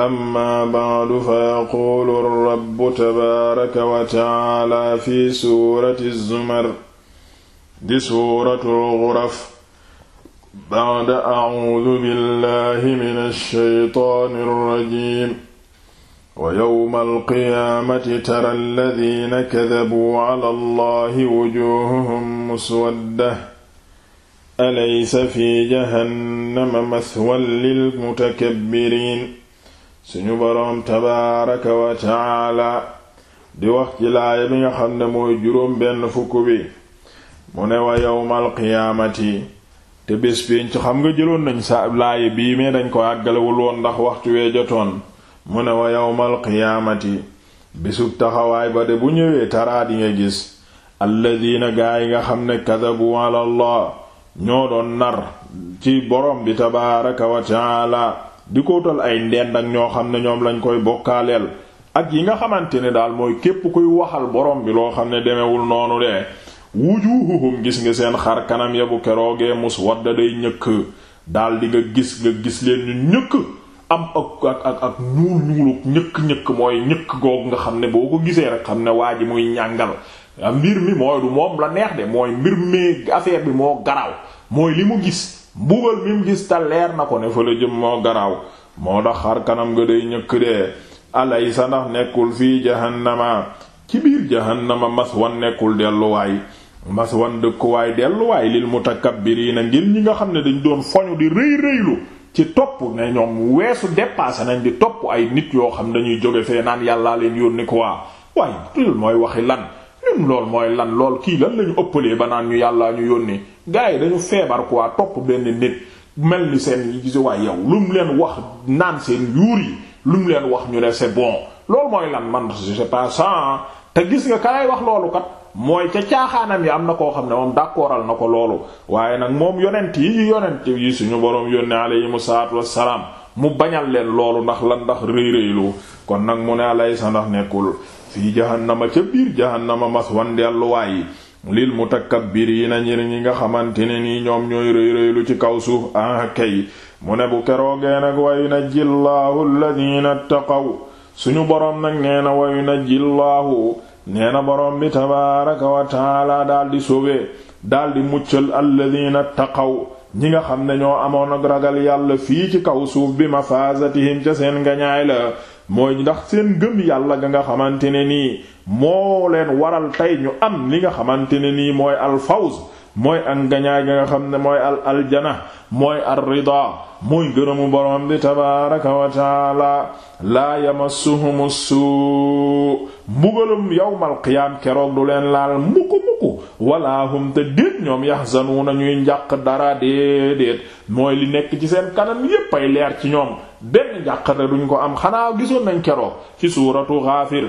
amma ba'du fa yaquulu rabbu tabaaraka wa ta'aala fi suurati zumar di suuratul ghuraf ba'da a'uudu billahi mina shaytaani rajiim wa yawma alqiyaamati tara alladhiina kadhabuu 'ala allahi wujuuhuhum muswadda alaysa fi jahannama mathwan lil mutakabbiriin suñu boroom tabaaraka wa taala di wax ci laaya bi nga xam ne mooy juróom benn fukk bi mu ne wa yawmal qiyaamati te bés pénc xam nga jëloon nañ sa laaya bii mais dañ ko àggalewul woon ndax waxtu wee jotoon mu ne wa yawmal qiyaamati bésub taxawaay ba de bu ñëwee taraa di nga gis alladiina gaa yi nga xam ne kadabu ala allah ñoo doon nar ci borom bi tabaaraka wa taala di ko wutal ay ndend ak ñoo xam ne ñoom lañ koy bokkaaleel ak yi nga xamante ne daal mooy képp kuy waxal borom bi loo xam ne demewul noonu de wujuhuhum gis nga seen xar kanam ya bu keroogee muswadda day ñëkk daldi nga gis nga gis leen ñu ñëkk am ak ak ñuul ñuuluk ñëkk-ñëkk mooy ñëkk googu nga xam ne boo ko gisee rek xam ne waa ji muy ñàngal mbir mi mooy du moom la neex de mooy mbir mi affaire bi moo garaw mooy li mu gis mbugal mi mu gis ta leer na ko ne fa la jëm moo garaaw moo tax xar kanam nga day ñëkk dee alaysa ndax nekkul fii jahannama ci biir jahannama maswan nekkul delluwaay maswan dëkkuwaay delluwaay lil mutakabbiriina ngir ñi nga xam ne dañ doon foñu di rëy rëylu ci topp ne ñoom weesu dépassé nañ di topp ay nit yoo xam ne dañuy jóge fee naan yàllaa leen yónni ko waa waaye loolu mooy waxi lan ñun lool mooy lan lool kii lan lañu ëppalee ba naan ñu yàllaa ñu yónni gars yi dañu feebar quoi topp benn nit mel ni seen yi gise waay yow lu mu leen wax naan seen yuur yi lu mu leen wax ñu ne c'est bon loolu mooy lan man c'est pas ça te gis nga ka lay wax loolu kat mooy ca caaxaanam yi am na koo xam ne moom d'accordal na ko loolu waaye nag moom yonent yi yonent yi suñu boroom yónne aleyhim salaatu wassalaam mu bañal leen loolu ndax lan ndax rëy rëylu kon nag mu ne alaysa ndax nekkul fii jahannama ca biir jahannama mas wan delluwaay mu biir lil mutakabbiriina ñir ñi nga xamante ne nii ñoom ñooy rëy rëylu ci kaw suuf ah kay mu ne bu keroogee nag wayu najji llaahu alladina ttaqaw suñu borom nag nee na wayu najji llaahu nee na boroom bi tabaaraka wa taala daldi sauvé daldi muccal alladina ttaqaw ñi nga xam ne ñoo amoon ak ragal yàlla fii ci kaw suuf bi ma faasatihim ca seen ngañaay la mooy ndax seen gëm yàlla ga nga xamante ne nii moo leen waral tey ñu am li nga xamante ne nii mooy alfawz mooy ak ngañaay nga nga xam ne mooy al aljana mooy ar rida mooy ngërëmu borom bi tabaraka wa taala laa yamassuhum suu mbugalum yawmal qiyaam keroog du leen laal mukku mukku wala hum te déet ñoom yahzanuuna ñuy njàq dara déedéet mooy li nekk ci seen kanam yépp ay leer ci ñoom benn njàqate duñ ko am xanaa gisoon nañ keroog ci suuratu Gaafir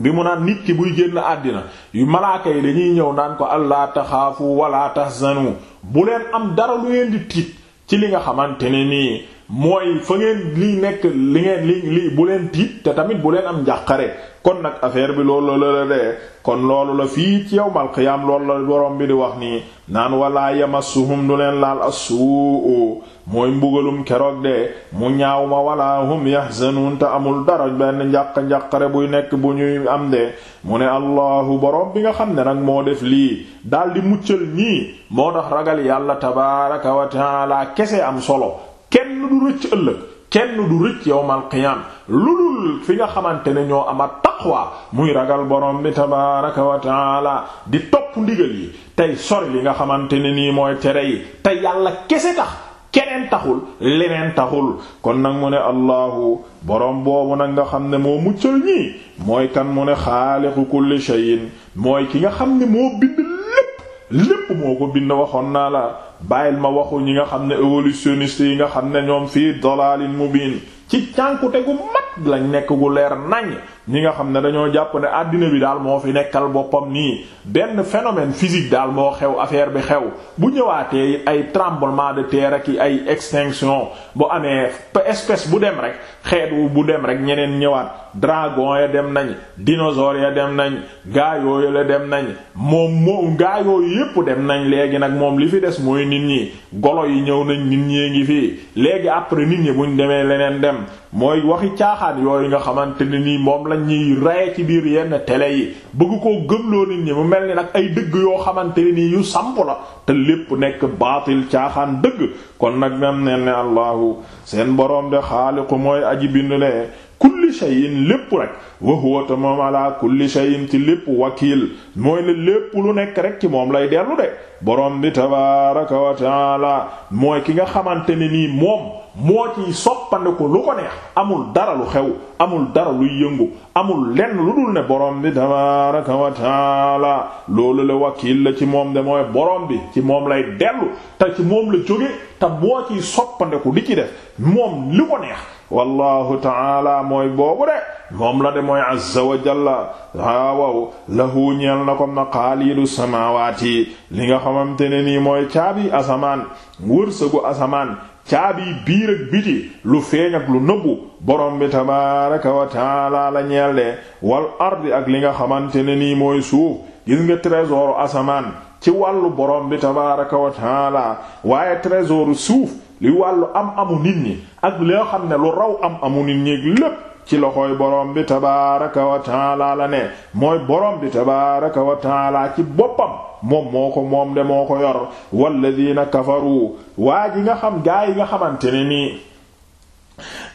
bi mu naan nit ki buy génn àddina yu malaaka yi dañuy ñëw naan ko allah taxaafu wala tahzanu bu leen am dara lu ngeen di tiit ci li nga xamante ne nii mooy fa ngeen li nekk li ngeen li bu leen tiit te tamit bu leen am njàqare kon nag affaire bi loolu la la dee kon loolu la fii ci yawmal qiyaam loolu la boroom bi di wax nii naan wallaa walaa yamassuhum du leen laal assuu mooy mbugalum keroog de mu ñaaw ma walaa hum yahzanuun te amul dara benn njàq-njàqare buy nekk bu ñuy am de mu ne allahu borom bi nga xam ne nag moo def lii daldi muccal ñii moo tax ragal yàlla tabaaraka wa taala kese am solo kenn du rëcc ëllëg kenn du rëcc yawmal qiyaam lu dul fi nga xamante ne ñoo am taqwa muy ragal borom bi tabaaraka wa taala di topp ndigal yi tey sori li nga xamante ne nii mooy tere yi te yàlla kese tax keneen taxul leneen taxul kon nag mu ne Allahu borom boobu nag nga xam ne moo muccal ñii mooy kan mu ne xaaliqu kulli shay'in mooy ki nga xam ne moo bind lépp lépp moo ko bind waxoon naa la. bàyyil ma waxu ñi nga xam ne évolutionniste yi nga xam ne ñoom fii mu mubin ci cànkute gu mat lañ nekk gu leer nañ ñi nga xam ne dañoo jàpp ne àddina bi daal moo fi nekkal boppam nii benn phénomène physique daal moo xew affaire bi xew bu ñëwaatee ay tremblement de terre ak ay extinction bu amee espèce bu dem rek xeet bu dem rek ñeneen ñëwaat dragon ya dem nañ dinosaures ya dem nañ gaa la dem nañ moom moom gaa yépp dem nañ léegi nag moom li fi des mooy nit ñi golo yi ñëw nañ nit ñi ngi fii léegi après nit ñi buñ demee leneen dem mooy waxi caaxaan yooyu nga xamante ne nii moom lañ ñuy raye ci biir yenn télé yi bëgg koo gëmloo nit ñi mu mel ni nag ay dëgg yoo xamante ni nii yu samp la te lépp nekk baatil caaxaan dëgg kon nag mem ne ne allahu seen borom de xaaliqu mooy aji bind lee kulli shay'in lépp rek wa huwa ta moom ala kulli shay'in ci lépp wakiil mooy ne lépp lu nekk rek ci moom lay dellu de boroom bi tabaaraka wa taala mooy ki nga xamante ni nii moom moo ciy soppandiku lu neex amul dara lu xew amul dara luy yëngu amul lenn lu dul ne borom bi tabaraka wa taala loolu la wakiil la ci moom de mooy borom bi ci moom lay dellu te ci moom la jóge te moo ciy soppandiku di ci def moom li neex wallahu taala mooy boobu de moom la de mooy azza wa jalla waawaw lahu ñeel na ko maqaalidu samaawaati li nga xamante ne nii mooy caabi asamaan wërsëgu asamaan caabi biir ak biti lu feeñ ak lu nëbbu borom bi tabaaraka wa taala la ñeel wal ardi ak li nga xamante ne nii mooy suuf gis nga trésor asamaan ci wàllu borom bi tabaaraka wa taala waaye trésor suuf li wàllu am amu nit ñi ak li xam ne lu raw am amu nit ñi lépp ci loxooy borom bi tabaaraka wa taala la ne mooy borom bi tabaaraka wa taala ci boppam moom moo ko moom de moo ko yor walladina kafaru waa ji nga xam gaa yi nga xamante ne nii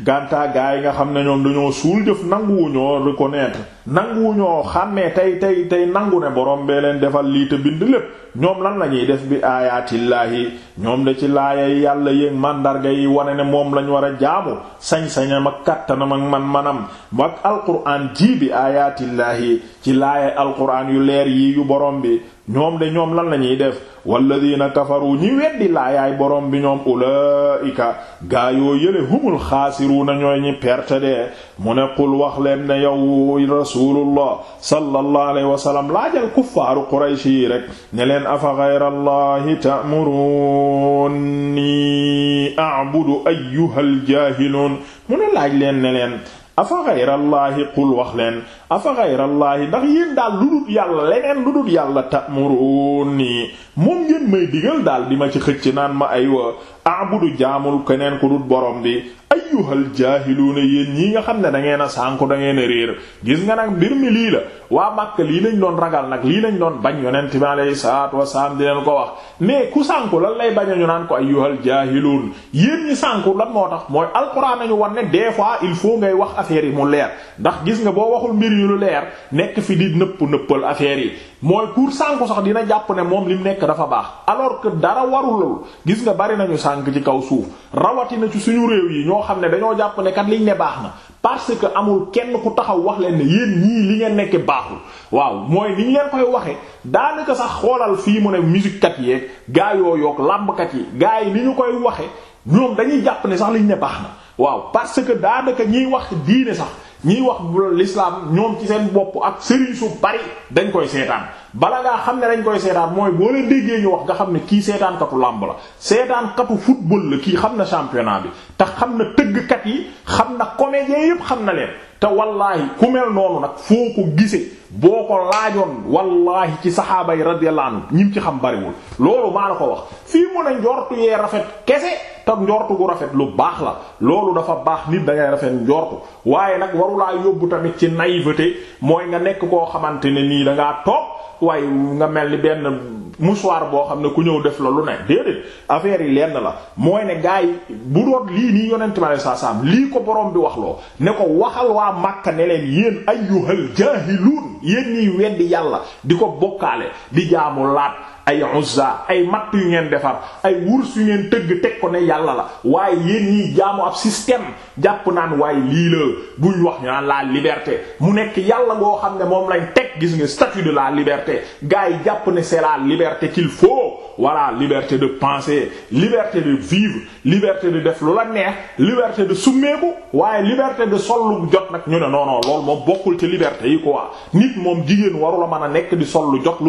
gàntaa gaa yi nga xam ne ñoom dañoo suul jëf nanguwu ñoo reconnaître wu ñoo xàmmee tey tey tey nangu ne borom bee leen defal lii te bind lépp ñoom lan la ñuy def bi aayaatillaahi ñoom de ci laayay yàlla yéeg màndarga yi wane ne moom lañu war a jaamu sañ-sañam ak kàttanam ak man-manam ak alquran ji bi aayaatillaahi ci laayay alquran yu leer yi yu borom bi ñoom de ñoom lan la ñuy def walladina kafaru ñi weddi laayaay boroom bi ñoom ulaika xaasiruna ñooy ñi perte de mu ne qul wax leen ne yow rasulullah sallallahu alayhi wa sallam laajal kuffaaru quraysh yi rek ne leen afa ghayra allahi ta'muruni a'budu ayyuhal jaahilun mu ne laaj leen ne leen afa gayrallaahi qul wax leen afa gayrallaahi ndax yéen daal lu dul yàlla leneen lu yàlla ta'muruni moom ngeen may digal daal di ma ci xëcc naan ma aywa a'budu jaamul keneen ku dul borom bi ayyuhal jaahiluuna yéen ñii nga xam ne da ngeen a sànku da ngeen a réer gis nga nag mbir mi lii la waa Màkka lii lañ doon ragal nag lii lañ doon bañ yonent bi alayhi salaatu wasalaam di leen ko wax mais ku sànku lan lay bañ a ñu naan ko ay ayyuhal jaahiluun yéen ñi sànku lan moo tax mooy alxuraan nañu wan ne des fois il faut ngay wax affaire yi mu leer ndax gis nga boo waxul mbir yu lu leer nekk fi di nëpp nëppal affaire yi mooy pour sànku sax dina jàpp ne moom lim nekk dafa baax alors sànk ci kaw suuf rawatina ci suñu réew yi ñoo xam ne dañoo jàpp ne kat liñ ne baax na parce que amul kenn ku taxaw wax leen ne yéen ñii li ngeen nekkee baaxul waaw mooy ñu leen koy waxee daanaka sax xoolal fii mu ne musique kat yeeg gaa yoo yoog làmbkat yi gaa yi ni ñu koy waxe ñoom dañuy jàpp ne sax liñ ne baax na waaw parce que daanaka ñiy wax diine sax ñiy wax l'islam ñoom ci seen bopp ak sëriñ su bari dañ koy seetaan bala ngaa xam ne dañ koy seetaan mooy boo leen déggee ñu wax nga xam ne kii seetaankatu làmb la seetaankatu football la kii xam na championnat bi te xam na tëggkat yi xam na comédien yépp xam na leen te wallaahi ku mel noonu nag foo ko gisee boo ko laajoon wallaahi ci saxaaba yi radiyallahu anhu ñim ci xam bariwul loolu maa la ko wax fii mu ne yee rafet kese te njortu gu rafet lu baax la loolu dafa baax nit da ngay rafet njortu waaye nag warulaa yóbbu tamit ci naïveté mooy nga nekk koo xamante ne nii da ngaa toog waaye nga mel ni benn mouchoir boo xam ne ku ñëw def la lu ne déedéet affaire yi lenn la mooy ne gars yi bu doon lii nii yonent ma lii ko boroom bi wax loo ne ko waxal waa Makka ne leen yéen ayyuhal jaahiluun yéen ñiy weddi yàlla di ko bokkaale di jaamu laat. ay Uzza ay matt yu ngeen defar ay wurs yu ngeen tëgg teg ko ne yàlla la waaye yéen ñiy jaamu ab système jàpp naan waaye lii la buñ wax ñu naan la liberté mu nekk yàlla ngoo xam ne moom lañ teg gis nga statut de la liberté gars yi jàpp ne c'est la liberté qu'il faut voilà liberté de penser liberté de vivre liberté de def lu la neex liberté de summeeku waaye liberté de sol lu jot nag ñu ne non non moom bokkul ci liberté yi quoi nit moom jigéen waru la mën a nekk di sol lu jot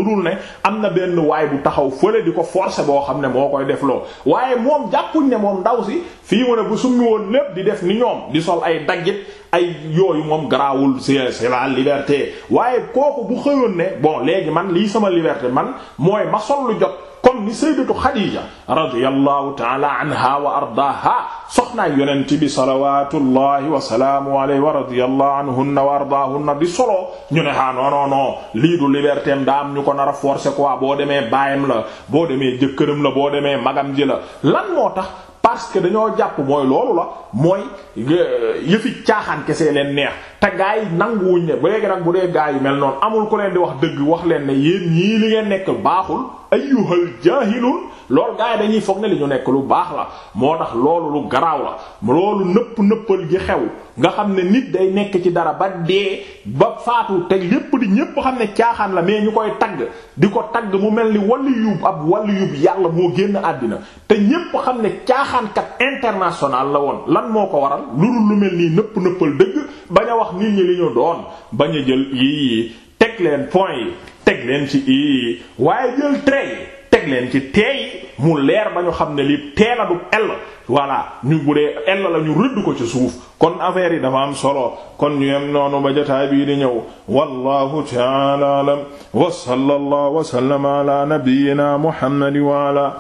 waaye taxaw fële di ko forcer boo xam ne moo koy defloo waaye moom jàppuñ ne moom ndaw si fii mu ne bu summi woon lépp di def ni ñoom di sol ay daggit ay yooyu moom garaawul c'est la liberté waaye kooku bu xëyoon ne bon léegi man lii sama liberté man mooy ma sol lu jot comme ni sayyidatu Xadiija radiyallahu ta'ala anha wa ardaaha soxnaay yonent bi salawatullahi wa salaamu alayhi wa radiyallahu anhunna wa ardaahunna di solo ñu ne ha ah, non non non lii du liberté am daa ñu ko nar a forcer quoi boo demee baayam la boo demee jëkkëram la boo demee magam ji la lan moo tax parce que dañoo jàpp mooy loolu la mooy euh, yëfi caaxaan kese leen neex te gaa yi nanguwuñ ne ba léegi nag bu dee gaa yi mel noonu amul ko leen di wax dëgg wax leen ne yéen ñii li ngeen nekk baaxul ayyuhal jaahilun lool gaa yi dañuy foog ne li ñu nekk lu baax la moo tax loolu lu garaaw la loolu nëpp nëppal gi xew nga xam ne nit day nekk ci dara ba dee ba faatu te lépp di ñépp xam ne caaxaan la mais ñu koy tagg di ko tagg mu mel ni waliyub ab waliyub yàlla moo génn àddina te ñépp xam ne caaxaankat international la woon lan moo ko waral lu dul lu mel nii nëpp nëppal dëgg bañ a wax nit ñi li ñu doon bañ a jël yi teg leen point yi teg leen ci i waaye jël trait teg leen ci teey mu leer ba ñu xam ne lii tee la du ell voilà ñu bu dee ell la ñu rëdd ko ci suuf kon affaire yi dafa am solo kon ñu yem noonu ba jotaay bii di ñëw wallahu ta'ala alam wa sallallahu wa sallama ala nabiyyina muhammad wa ala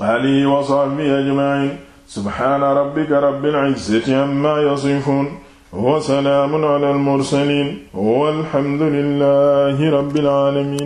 alihi wa sahbihi ajma'in subhana rabbika rabbil izzati amma yasifun wa salamun ala al mursalin walhamdulillahi rabbil alamin